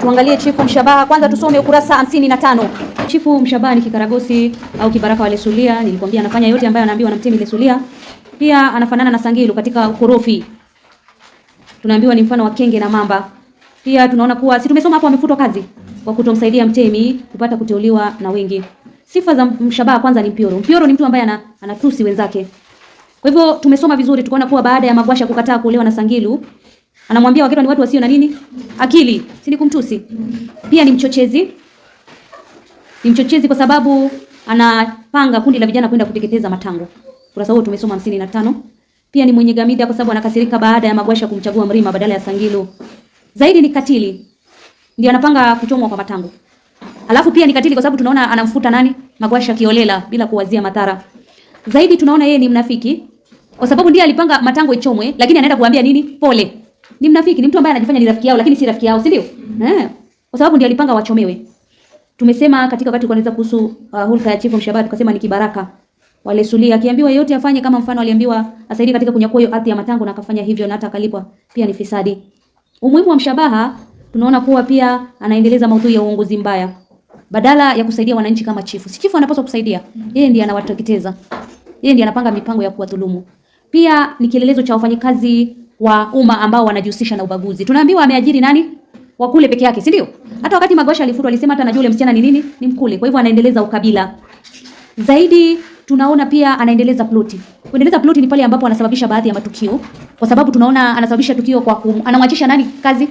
Tuangalie Chifu Mshabaha kwanza, tusome ukurasa hamsini na tano. Chifu Mshabaha ni kikaragosi au kibaraka wa Lesulia. Nilikwambia anafanya yote ambayo anaambiwa na mtemi Lesulia. Pia anafanana na Sangilu katika ukorofi, tunaambiwa ni mfano wa kenge na mamba. Pia tunaona kuwa si tumesoma hapo, amefutwa kazi kwa kutomsaidia mtemi kupata kuteuliwa na wengi. Sifa za Mshabaha kwanza ni mpioro. Mpioro ni mtu ambaye ana, anatusi wenzake. Kwa hivyo tumesoma vizuri tukaona kuwa baada ya Magwasha kukataa kuolewa na Sangilu, anamwambia Wagerwa ni watu wasio na nini akili, si ni kumtusi? Pia ni mchochezi, ni mchochezi kwa sababu anapanga kundi la vijana kwenda kuteketeza matango. Kurasa huo tumesoma na tano. Pia ni mwenye gamida kwa sababu anakasirika baada ya Magwasha kumchagua Mrima badala ya Sangilo. Zaidi ni katili, ndio anapanga kuchomwa kwa matango. Alafu pia ni katili kwa sababu tunaona anamfuta nani Magwasha kiolela bila kuwazia madhara. Zaidi tunaona yeye ni mnafiki kwa sababu ndiye alipanga matango ichomwe, lakini anaenda kuambia nini pole ni mnafiki, ni mtu ambaye anajifanya ni rafiki yao lakini si rafiki yao, si ndio? Eh. Kwa sababu ndiye alipanga wachomewe. Tumesema katika wakati kwanza kuhusu uh, hulka ya Chifu Mshabaha tukasema ni kibaraka. Wale sulia akiambiwa yote afanye kama mfano aliambiwa asaidie katika kunyakua hiyo ardhi ya matango na akafanya hivyo na hata akalipwa pia ni fisadi. Umuhimu wa Mshabaha tunaona kuwa pia anaendeleza maudhui ya uongozi mbaya. Badala ya kusaidia wananchi kama chifu. Si chifu anapaswa kusaidia. Yeye ndiye anawateketeza. Yeye ndiye anapanga mipango ya kuwadhulumu. Pia ni kielelezo cha wafanyikazi wa umma ambao wanajihusisha na ubaguzi. Tunaambiwa ameajiri nani? Wa kule peke yake, si ndio? Hata wakati Magosha alifutwa alisema hata najua yule msichana ni nini? Ni Mkule. Kwa hivyo anaendeleza ukabila. Zaidi tunaona pia anaendeleza ploti. Kuendeleza ploti ni pale ambapo anasababisha baadhi ya matukio kwa sababu tunaona anasababisha tukio kwa kum, anamwachisha nani kazi?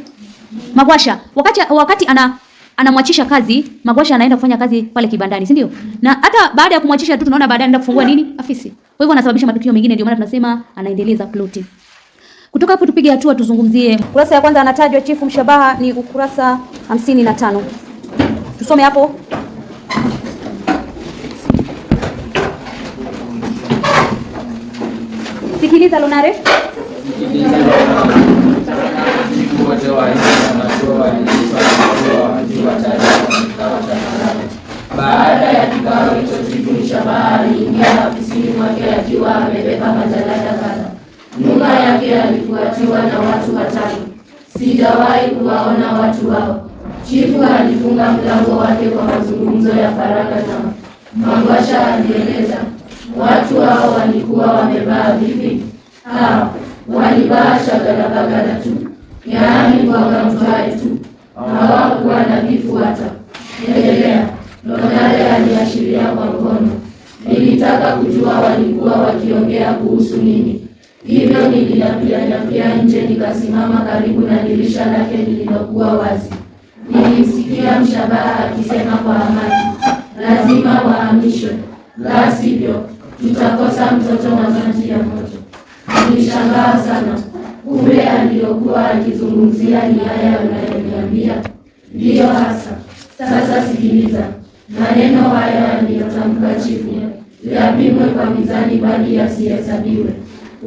Magwasha. Wakati wakati ana anamwachisha kazi, Magwasha anaenda kufanya kazi pale kibandani, si ndio? Na hata baada ya kumwachisha tu tunaona baadaye anaenda kufungua nini? Afisi. Kwa hivyo anasababisha matukio mengine ndio maana tunasema anaendeleza ploti. Kutoka hapo tupige hatua, tuzungumzie kurasa ya kwanza. Anatajwa Chifu Mshabaha ni ukurasa hamsini na tano. Tusome hapo. Sikiliza Lonare, baada ya kikao hicho Chifu Mshabaha aliingia afisini mwake akiwa amebeba majalada yake alifuatiwa na watu watatu. Sijawahi kuwaona watu hao. Chifu alifunga mlango wake kwa mazungumzo ya faragha na Mangwasha alieleza, watu hao walikuwa wamevaa vipi? Ah, walivaa shagalabagala tu, yaani wakamtwae tu, hawakuwa na vifu hata. Endelea, Lonare aliashiria kwa mkono. Nilitaka kujua walikuwa wakiongea kuhusu nini. Hivyo nilipyapyapya nje, nikasimama karibu na dirisha lake lililokuwa wazi. Nilimsikia mshabaha akisema kwa amani, lazima wahamishwe, la sivyo tutakosa mtoto wa maji ya moto. Nilishangaa sana, kumbe aliyokuwa akizungumzia ni haya unayoniambia. Ndiyo hasa. Sasa sikiliza maneno haya aliyotamka chifu, yapimwe kwa mizani, bali yasihesabiwe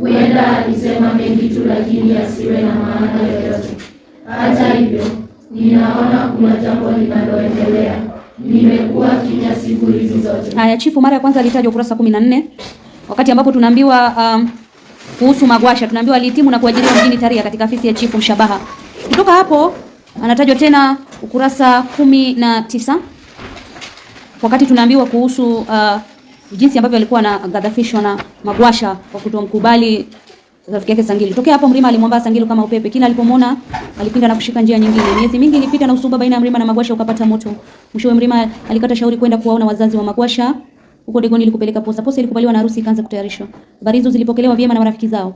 huenda alisema mengi tu, lakini asiwe na maana yoyote. Hata hivyo, ninaona kuna jambo linaloendelea. Nimekuwa kimya siku hizi zote. Haya, chifu mara ya kwanza alitajwa ukurasa 14 wakati ambapo tunaambiwa um, kuhusu Magwasha tunaambiwa alihitimu na kuajiriwa mjini Taria katika afisi ya chifu Mshabaha. Kutoka hapo anatajwa tena ukurasa kumi na tisa wakati tunaambiwa kuhusu uh, jinsi ambavyo alikuwa anaghadhabishwa na Magwasha kwa kutomkubali rafiki yake Sangili. Tokea hapo Mrima alimwomba Sangili kama upepe, kila alipomwona alipinda na kushika njia nyingine. Miezi mingi ilipita na usuba baina ya Mrima na Magwasha ukapata moto. Mwishowe Mrima alikata shauri kwenda kuwaona wazazi wa Magwasha huko Degoni ili posa. Posa ilikubaliwa na harusi ikaanza kutayarishwa. Habari hizo zilipokelewa vyema na marafiki zao.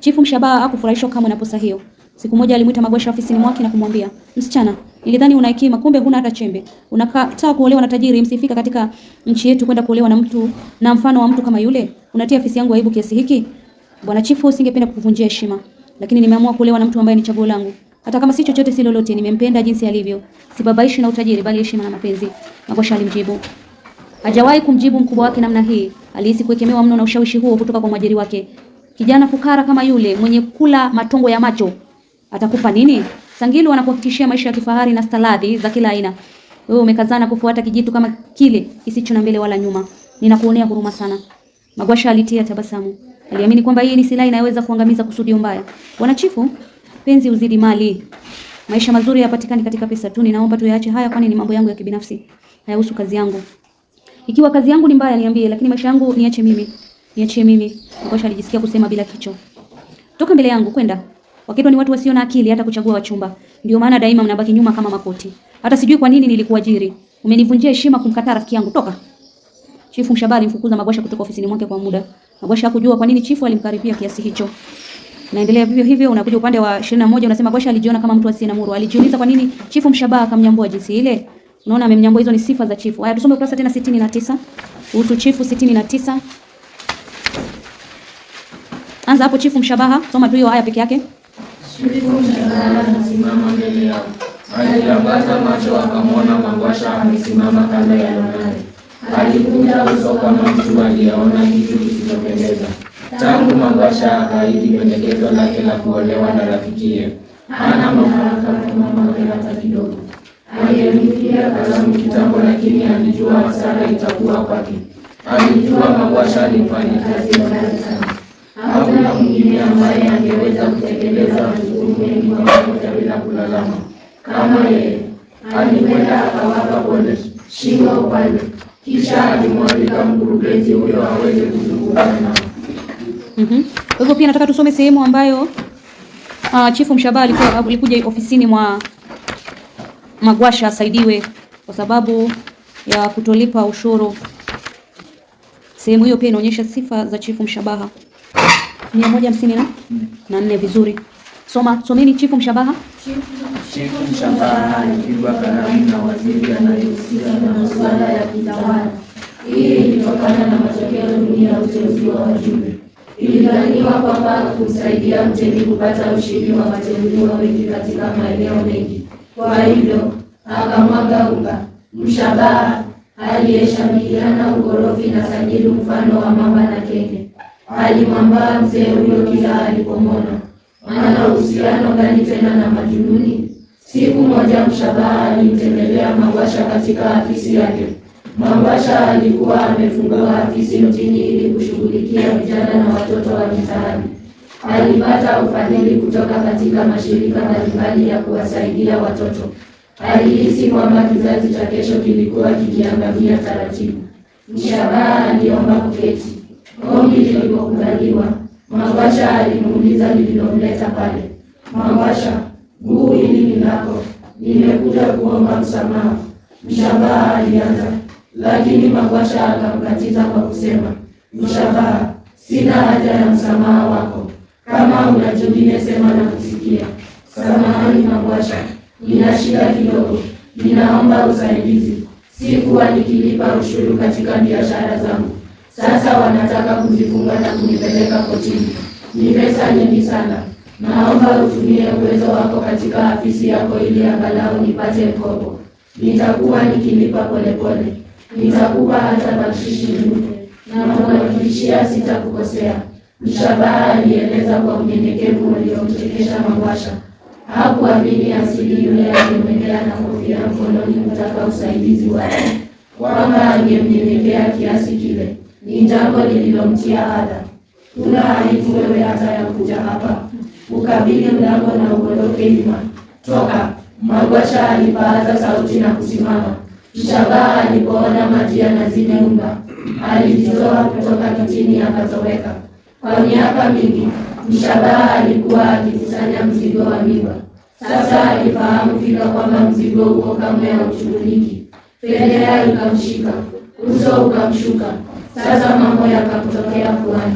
Chifu Mshabaha hakufurahishwa kamwe na posa hiyo. Siku moja alimuita Magwasha ofisini mwake na kumwambia, "Msichana, Ilidhani una hekima, kumbe huna hata chembe. Unakataa kuolewa na tajiri, msifika katika nchi yetu kwenda kuolewa na mtu na mfano wa mtu kama yule. Unatia afisi yangu aibu kiasi hiki? Bwana Chifu, singependa kukuvunjia heshima, lakini nimeamua kuolewa na mtu ambaye ni chaguo langu. Hata kama si chochote si lolote, nimempenda jinsi alivyo. Sibabaishi na utajiri, bali heshima na mapenzi. Magosha alimjibu. Hajawahi kumjibu mkubwa wake namna hii. Alihisi kuekemewa mno na ushawishi huo kutoka kwa mwajiri wake. Kijana fukara kama yule mwenye kula matongo ya macho atakupa nini? Sangilu wanakuhakikishia maisha ya kifahari na staladhi za kila aina. Wewe umekazana kufuata kijitu kama kile kisicho na mbele wala nyuma. Ninakuonea huruma sana. Magwasha alitia tabasamu. Aliamini kwamba hii ni silaha inayoweza kuangamiza kusudio mbaya. Bwana Chifu, penzi uzidi mali. Maisha mazuri hayapatikani katika pesa tu. Ninaomba tuyaache haya kwani ni mambo yangu ya kibinafsi. Hayahusu kazi yangu. Ikiwa kazi yangu ni mbaya niambie, lakini maisha yangu niache mimi. Niache mimi. Magwasha alijisikia kusema bila kicho. Toka mbele yangu kwenda. Waketwa ni watu wasio na akili hata kuchagua wachumba. Ndio maana daima mnabaki nyuma kama makoti. Hata sijui kwa nini nilikuajiri. Umenivunjia heshima kumkataa rafiki yangu. Toka. Chifu Mshabali mfukuza Magwasha kutoka ofisini mwake kwa muda. Magwasha hakujua kwa nini chifu alimkaribia kiasi hicho. Naendelea vivyo hivyo, unakuja upande wa 21 unasema Gwasha alijiona kama mtu asiye na muru. Alijiuliza kwa nini Chifu Mshabaha akamnyambua jinsi ile. Unaona amemnyambua, hizo ni sifa za chifu. Haya, tusome ukurasa tena 69. Kuhusu chifu 69. Anza hapo Chifu Mshabaha, soma tu hiyo haya peke yake. Kifo cha mbele yao. Aliambaza macho akamwona Mangwasha amesimama kando ya Yohane. Alikunja uso kama mtu aliyeona kitu kisichopendeza. Tangu Mangwasha akaidi pendekezo lake la kuolewa na rafikiye, hana mafaraka kusimama hata kidogo. Aliyemfikia kalamu kitambo, lakini alijua hasara itakuwa kwake. Alijua Mangwasha alifanya kazi mbaya sana. Hakuna mwingine ambaye angeweza kutekeleza ulimwengu pamoja bila kulalama, kama yeye alikwenda akawapa kwenye shingo upande, kisha alimwalika mkurugenzi huyo aweze kuzungumza nao. Mhm. Kwa hivyo pia nataka tusome sehemu ambayo uh, ah, Chifu Mshabaha alikuwa alikuja ofisini mwa Magwasha asaidiwe kwa sababu ya kutolipa ushuru. Sehemu hiyo pia inaonyesha sifa za Chifu Mshabaha mia moja hamsini na nne. Vizuri. Soma, someni chifu mshabaha. Chifu mshabaha Kibwa kalamu na waziri anayehusika na masuala ya kitawala. Hii ilitokana na matokeo duni ya uteuzi wa wajumbe. Ilidhaniwa kwamba kumsaidia mteni kupata ushindi wa wateuliwa wengi katika maeneo mengi, kwa hivyo akamwaga unga. Mshabaha aliyeshamiliana ukorofi na sajili mfano wa mamba na kenge alimwambaa mzee huyo kila alipomona ana uhusiano gani tena na Majununi? Siku moja Mshabaha alimtembelea Mangwasha katika afisi yake. Mangwasha alikuwa amefungua afisi mjini ili kushughulikia vijana na watoto wa mitaani. Alipata ufadhili kutoka katika mashirika mbalimbali ya kuwasaidia watoto. Alihisi kwamba kizazi cha kesho kilikuwa kikiangamia taratibu. Mshabaha aliomba kuketi. Ombi lilipokubaliwa Mangwasha alimuuliza lililomleta pale. Mangwasha, guu hili ni lako, nimekuja kuomba msamaha. Mshabaha alianza, lakini Mangwasha akamkatiza kwa kusema, Mshabaha, sina haja ya msamaha wako. Kama una jingine sema na kusikia. Samahani Mangwasha, nina shida kidogo, ninaomba usaidizi. Sikuwa nikilipa ushuru katika biashara zangu sasa wanataka kuzifunga na kunipeleka kotini. Ni pesa nyingi sana. Naomba utumie uwezo wako katika afisi yako ili angalau nipate mkopo. Nitakuwa nikilipa polepole. Nitakupa hata bakshishi nyingi na kuhakikishia sitakukosea. Mshabaha alieleza kwa unyenyekevu uliomchekesha Mangwasha. Hakuamini asili yule aliyemwendea na kofia mkononi kutaka usaidizi wake, kwamba angemnyenyekea kiasi kile ni jambo lililomtia ada. Kuna aibu wewe hata ya kuja hapa, ukabili mlango na uondoke nyuma. Toka! Magwasha alipaaza sauti na kusimama. Mshabaha alipoona maji yanazidi nyumba, alijitoa kutoka kitini akatoweka. Kwa miaka mingi Mshabaha alikuwa akikusanya mzigo wa miba. Sasa alifahamu fika kwamba mzigo huo kamwe haushughuliki. Fedheha ikamshika, uso ukamshuka. Tazama moyo akakutokea puani.